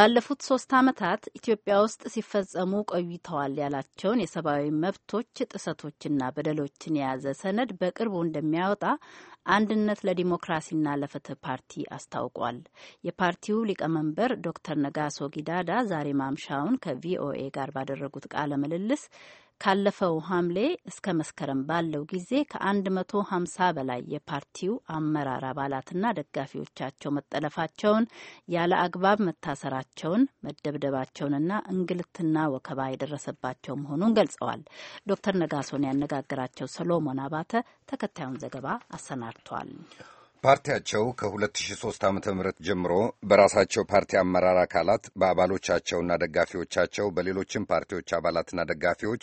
ባለፉት ሶስት ዓመታት ኢትዮጵያ ውስጥ ሲፈጸሙ ቆይተዋል ያላቸውን የሰብአዊ መብቶች ጥሰቶችና በደሎችን የያዘ ሰነድ በቅርቡ እንደሚያወጣ አንድነት ለዲሞክራሲና ለፍትህ ፓርቲ አስታውቋል። የፓርቲው ሊቀመንበር ዶክተር ነጋሶ ጊዳዳ ዛሬ ማምሻውን ከቪኦኤ ጋር ባደረጉት ቃለ ምልልስ ካለፈው ሐምሌ እስከ መስከረም ባለው ጊዜ ከ150 በላይ የፓርቲው አመራር አባላትና ደጋፊዎቻቸው መጠለፋቸውን፣ ያለ አግባብ መታሰራቸውን፣ መደብደባቸውንና እንግልትና ወከባ የደረሰባቸው መሆኑን ገልጸዋል። ዶክተር ነጋሶን ያነጋገራቸው ሰሎሞን አባተ ተከታዩን ዘገባ አሰናድቷል። ፓርቲያቸው ከ2003 ዓ ም ጀምሮ በራሳቸው ፓርቲ አመራር አካላት በአባሎቻቸውና ደጋፊዎቻቸው በሌሎችም ፓርቲዎች አባላትና ደጋፊዎች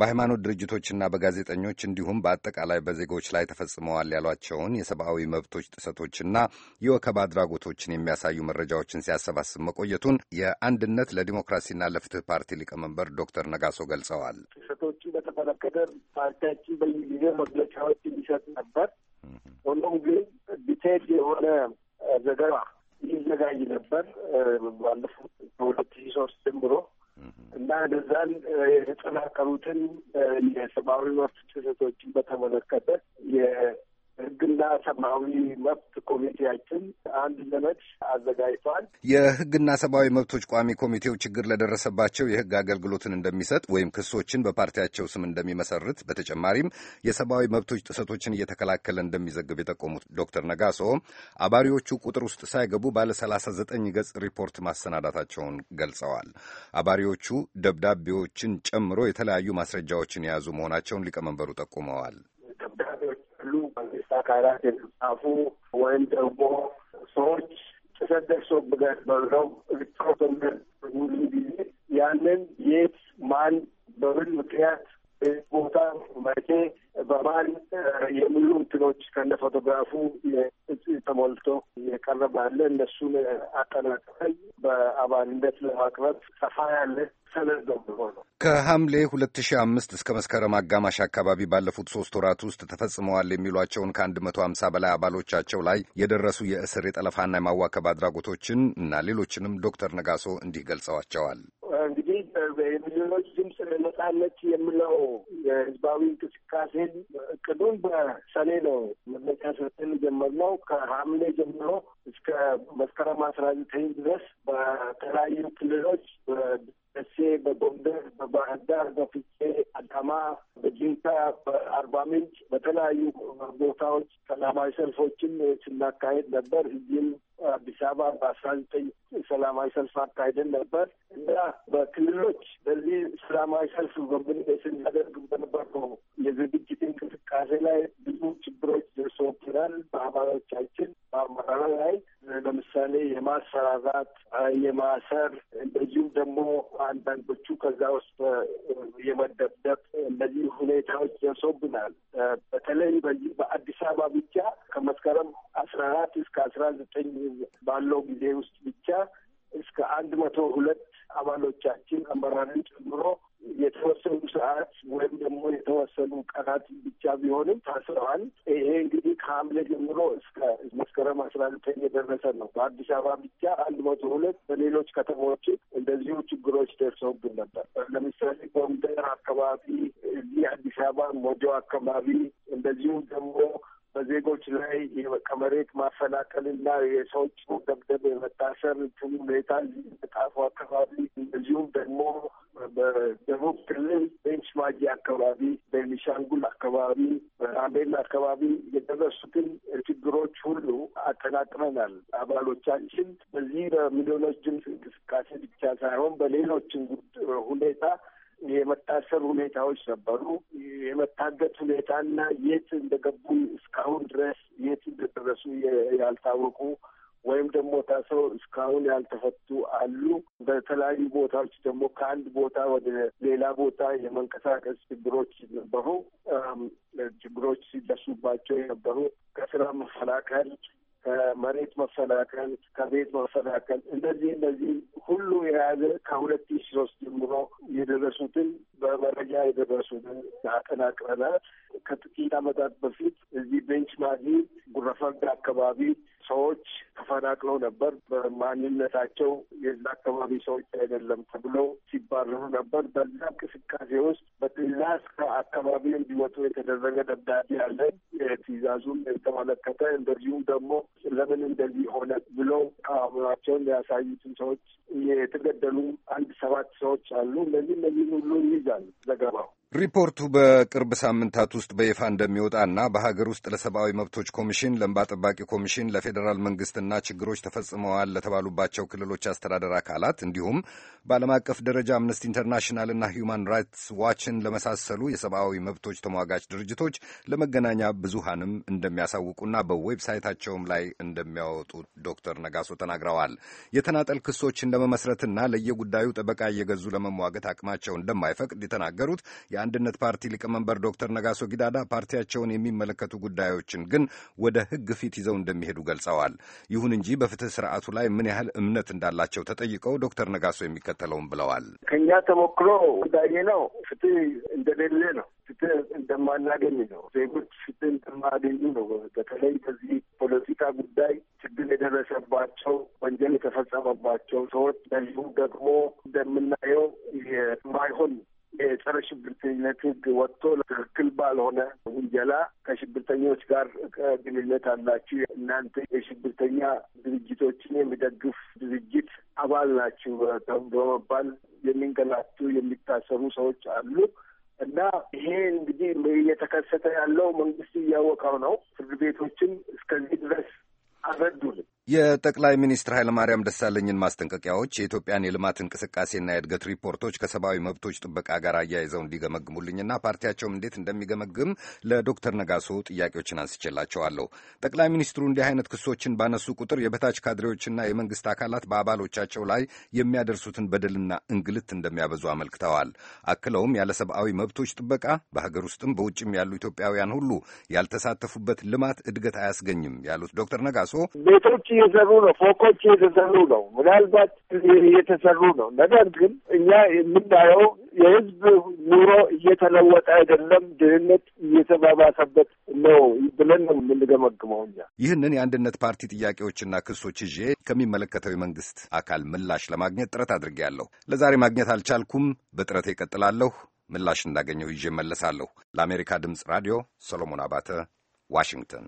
በሃይማኖት ድርጅቶችና በጋዜጠኞች እንዲሁም በአጠቃላይ በዜጎች ላይ ተፈጽመዋል ያሏቸውን የሰብአዊ መብቶች ጥሰቶችና የወከባ አድራጎቶችን የሚያሳዩ መረጃዎችን ሲያሰባስብ መቆየቱን የአንድነት ለዲሞክራሲና ለፍትህ ፓርቲ ሊቀመንበር ዶክተር ነጋሶ ገልጸዋል። ጥሰቶቹ በተመለከተ ፓርቲያችን በየጊዜው መግለጫዎች እንዲሰጥ ነበር። ሆኖም ግን ዲቴል የሆነ ዘገባ ይዘጋጅ ነበር ባለፉት በሁለት ሺ ሶስት ጀምሮ እና እነዛን የተጠናከሩትን የሰብአዊ መብት ጥሰቶችን በተመለከተ ህግና ሰብአዊ መብት ኮሚቴያችን አንድ ዘመድ አዘጋጅቷል። የህግና ሰብአዊ መብቶች ቋሚ ኮሚቴው ችግር ለደረሰባቸው የህግ አገልግሎትን እንደሚሰጥ ወይም ክሶችን በፓርቲያቸው ስም እንደሚመሰርት በተጨማሪም የሰብአዊ መብቶች ጥሰቶችን እየተከላከለ እንደሚዘግብ የጠቆሙት ዶክተር ነጋሶ አባሪዎቹ ቁጥር ውስጥ ሳይገቡ ባለ ሰላሳ ዘጠኝ ገጽ ሪፖርት ማሰናዳታቸውን ገልጸዋል። አባሪዎቹ ደብዳቤዎችን ጨምሮ የተለያዩ ማስረጃዎችን የያዙ መሆናቸውን ሊቀመንበሩ ጠቁመዋል። አካላት የተጻፉ ወይም ደግሞ ሰዎች ጥሰት ደርሶብናል በለው ሪፖርቶነት ጊዜ ያንን የት ማን በምን ምክንያት ቦታ መቼ በባህል የሙሉ እንትኖች ከነ ፎቶግራፉ ተሞልቶ የቀረበ አለ። እነሱን አጠናቅረን በአባልነት ለማቅረብ ሰፋ ያለ ከሐምሌ ሁለት አምስት እስከ መስከረም አጋማሽ አካባቢ ባለፉት ሶስት ወራት ውስጥ ተፈጽመዋል የሚሏቸውን ከአንድ መቶ ሀምሳ በላይ አባሎቻቸው ላይ የደረሱ የእስር የጠለፋና የማዋከብ አድራጎቶችን እና ሌሎችንም ዶክተር ነጋሶ እንዲህ ገልጸዋቸዋል። እንግዲህ የሚሊዮኖች ድምፅ ነጻነት የሚለው ህዝባዊ እንቅስቃሴን እቅዱን በሰኔ ነው መግለጫ ሰጥተን የጀመርነው። ከሐምሌ ጀምሮ እስከ መስከረም አስራ ዘጠኝ ድረስ በተለያዩ ክልሎች በደሴ፣ በጎንደር፣ በባህር ዳር፣ በፍቼ፣ አዳማ፣ በጂንካ፣ በአርባ ምንጭ በተለያዩ ቦታዎች ሰላማዊ ሰልፎችን ስናካሄድ ነበር። እዚህም አዲስ አበባ በአስራ ዘጠኝ ሰላማዊ ሰልፍ አካሄደን ነበር እና በክልሎች በዚህ ሰላማዊ ሰልፍ ስናደርግ በነበረው የዝግጅት እንቅስቃሴ ላይ ብዙ ችግሮች ደርሶብናል። በአባሎቻችን በአመራር ላይ ለምሳሌ የማሰራራት የማሰር እንደዚሁም ደግሞ አንዳንዶቹ ከዛ ውስጥ የመደብደብ እነዚህ ሁኔታዎች ደርሶብናል። በተለይ በዚህ በአዲስ አበባ ብቻ ከመስከረም አስራ አራት እስከ አስራ ዘጠኝ ባለው ጊዜ ውስጥ ብቻ እስከ አንድ መቶ ሁለት አባሎቻችን አመራርን ጨምሮ የተወሰኑ ሰዓት ወይም ደግሞ የተወሰኑ ቀናት ብቻ ቢሆንም ታስረዋል። ይሄ እንግዲህ ከሐምሌ ጀምሮ እስከ መስከረም አስራ ዘጠኝ የደረሰ ነው። በአዲስ አበባ ብቻ አንድ መቶ ሁለት በሌሎች ከተሞች እንደዚሁ ችግሮች ደርሰውብን ነበር። ለምሳሌ ጎንደር አካባቢ፣ እዚህ አዲስ አበባ ሞጆ አካባቢ እንደዚሁም ደግሞ በዜጎች ላይ ከመሬት ማፈናቀልና የሰዎች ደብደብ የመታሰር እንትን ሁኔታ ጣፎ አካባቢ እንደዚሁም ደግሞ በደቡብ ክልል ቤንች ማጂ አካባቢ፣ በቤኒሻንጉል አካባቢ፣ በጋምቤላ አካባቢ የደረሱትን ችግሮች ሁሉ አጠናቅመናል። አባሎቻችን በዚህ በሚሊዮኖች ድምፅ እንቅስቃሴ ብቻ ሳይሆን በሌሎችን ሁኔታ የመታሰር ሁኔታዎች ነበሩ። የመታገት ሁኔታና የት እንደገቡ እስካሁን ድረስ የት እንደደረሱ ያልታወቁ ወይም ደግሞ ታስረው እስካሁን ያልተፈቱ አሉ። በተለያዩ ቦታዎች ደግሞ ከአንድ ቦታ ወደ ሌላ ቦታ የመንቀሳቀስ ችግሮች ነበሩ። ችግሮች ሲደርሱባቸው የነበሩ ከስራ መፈናቀል ከመሬት መፈናቀል፣ ከቤት መፈናቀል እነዚህ እነዚህ ሁሉ የያዘ ከሁለት ሺ ሶስት ጀምሮ የደረሱትን በመረጃ የደረሱትን አጠናቅረናል። ከጥቂት ዓመታት በፊት እዚህ ቤንች ማዚ ጉረፈርድ አካባቢ ሰዎች ተፈናቅለው ነበር። በማንነታቸው የዛ አካባቢ ሰዎች አይደለም ተብለው ሲባረሩ ነበር። በዛ እንቅስቃሴ ውስጥ በትእዛዝ ከአካባቢ እንዲወጡ የተደረገ ደብዳቤ አለ። ትእዛዙን የተመለከተ እንደዚሁም ደግሞ ለምን እንደዚህ ሆነ ብሎ አእምሯቸውን ያሳዩትን ሰዎች የተገደሉ አንድ ሰባት ሰዎች አሉ። እነዚህ እነዚህን ሁሉ ይይዛል ዘገባው። ሪፖርቱ በቅርብ ሳምንታት ውስጥ በይፋ እንደሚወጣና በሀገር ውስጥ ለሰብአዊ መብቶች ኮሚሽን፣ ለእንባ ጠባቂ ኮሚሽን፣ ለፌዴራል መንግስትና ችግሮች ተፈጽመዋል ለተባሉባቸው ክልሎች አስተዳደር አካላት እንዲሁም በዓለም አቀፍ ደረጃ አምነስቲ ኢንተርናሽናልና ሂዩማን ራይትስ ዋችን ለመሳሰሉ የሰብአዊ መብቶች ተሟጋች ድርጅቶች ለመገናኛ ብዙሃንም እንደሚያሳውቁና በዌብሳይታቸውም ላይ እንደሚያወጡ ዶክተር ነጋሶ ተናግረዋል። የተናጠል ክሶችን ለመመስረትና ለየጉዳዩ ጠበቃ እየገዙ ለመሟገት አቅማቸው እንደማይፈቅድ የተናገሩት የአንድነት ፓርቲ ሊቀመንበር ዶክተር ነጋሶ ጊዳዳ ፓርቲያቸውን የሚመለከቱ ጉዳዮችን ግን ወደ ሕግ ፊት ይዘው እንደሚሄዱ ገልጸዋል። ይሁን እንጂ በፍትህ ስርዓቱ ላይ ምን ያህል እምነት እንዳላቸው ተጠይቀው ዶክተር ነጋሶ የሚከ የሚከተለውም ብለዋል። ከኛ ተሞክሮ እንዳየ ነው ፍትህ እንደሌለ ነው። ፍትህ እንደማናገኝ ነው። ዜጎች ፍትህ እንደማያገኙ ነው። በተለይ በዚህ ፖለቲካ ጉዳይ ችግር የደረሰባቸው ወንጀል የተፈጸመባቸው ሰዎች፣ ደግሞ እንደምናየው የማይሆን የጸረ ሽብርተኝነት ህግ ወጥቶ ትክክል ባልሆነ ውንጀላ ከሽብርተኞች ጋር ግንኙነት አላችሁ፣ እናንተ የሽብርተኛ ድርጅቶችን የሚደግፍ ድርጅት አባል ናችሁ በመባል የሚንገላቱ የሚታሰሩ ሰዎች አሉ። እና ይሄ እንግዲህ እየተከሰተ ያለው መንግስት እያወቀው ነው። ፍርድ ቤቶችም እስከዚህ ድረስ አልረዱንም። የጠቅላይ ሚኒስትር ኃይለማርያም ደሳለኝን ማስጠንቀቂያዎች የኢትዮጵያን የልማት እንቅስቃሴና የእድገት ሪፖርቶች ከሰብአዊ መብቶች ጥበቃ ጋር አያይዘው እንዲገመግሙልኝና ፓርቲያቸውም እንዴት እንደሚገመግም ለዶክተር ነጋሶ ጥያቄዎችን አንስቼላቸዋለሁ። ጠቅላይ ሚኒስትሩ እንዲህ አይነት ክሶችን ባነሱ ቁጥር የበታች ካድሬዎችና የመንግስት አካላት በአባሎቻቸው ላይ የሚያደርሱትን በደልና እንግልት እንደሚያበዙ አመልክተዋል። አክለውም ያለ ሰብአዊ መብቶች ጥበቃ በሀገር ውስጥም በውጭም ያሉ ኢትዮጵያውያን ሁሉ ያልተሳተፉበት ልማት እድገት አያስገኝም ያሉት ዶክተር ነጋሶ እየሰሩ ነው። ፎቆች እየተሰሩ ነው። ምናልባት እየተሰሩ ነው። ነገር ግን እኛ የምናየው የህዝብ ኑሮ እየተለወጠ አይደለም፣ ድህነት እየተባባሰበት ነው ብለን ነው የምንገመግመው። እኛ ይህንን የአንድነት ፓርቲ ጥያቄዎችና ክሶች ይዤ ከሚመለከተው የመንግስት አካል ምላሽ ለማግኘት ጥረት አድርጌያለሁ። ለዛሬ ማግኘት አልቻልኩም። በጥረት ይቀጥላለሁ። ምላሽ እንዳገኘው ይዤ መለሳለሁ። ለአሜሪካ ድምፅ ራዲዮ ሰሎሞን አባተ ዋሽንግተን።